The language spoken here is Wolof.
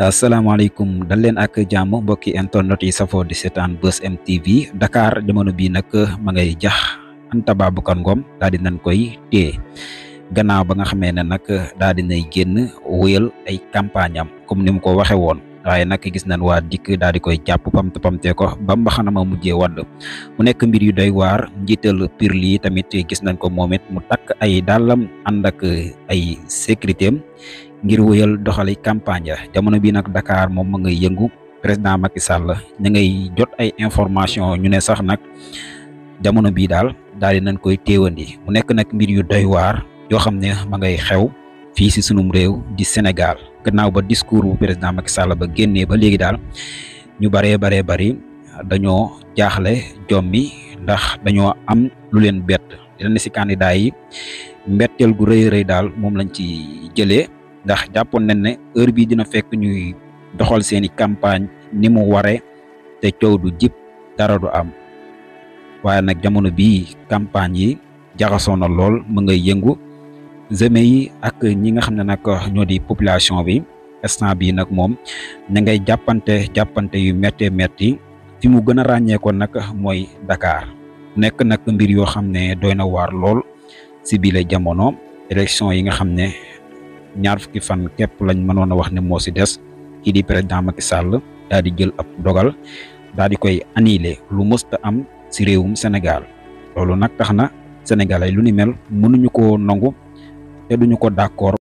asalaamaaleykum dal leen ak jàmm mbokki internet yi safoo di seetaan Buzz M TV Dakar jamono bii nag ma ngay jax Anta Babacar Ngom daal di nañ koy téye gannaaw ba nga xamee ne nag daal di nay génn wéyal ay campagne comme ni mu ko waxee woon. waaye nag gis nañ waa dikk daal di koy jàpp pamte pamte ko ba mbaxana ma mujjee wadd mu nekk mbir yu doy waar njiital pir lii tamit gis nañ ko moom it mu takk ay dàllam ànd ak ay sécurité am ngir wëyal doxali campagne ya. jamono bi nak Dakar mom ma ngay yëngu président Macky Sall ni ngay jot ay information ñu ne sax nak jamono bi dal dal dinañ koy téewandi mu nek nak mbir yu doy war yo xam ma ngay xew fi ci sunum rew di Sénégal gannaaw ba discours bu président Macky Sall ba génnee ba légui dal ñu bare bare bari dañoo jaxlé jommi ndax dañoo am lu leen bett dina ci candidat yi mbettel gu reey reey dal mom lañ ci jëlé ndax jàppoon nañ ne heure bi dina fekk ñuy doxal seeni campagne ni mu waree te coow du jib dara du am waaye nag jamono bii campagne yi jaxasoo na lool mu ngay yëngu zeme yi ak ñi nga xam ne nag ñoo di population bi instant bii nag moom ña ngay jàppante jàppante yu mette métti fi mu gën a ràññeekoon nag mooy Dakar nekk nag mbir yoo xam ne doy na waar lool si bile jamono élection yi nga xam ne ñaar fukki fan képp lañ mënoon a wax ne moo si des kii di président Macky Sall daal di jël ab dogal daal di koy annulé lu mësta am si réewum Sénégal loolu nag tax na sénégalais lu ni mel mënuñu ko nangu te duñu ko d'accord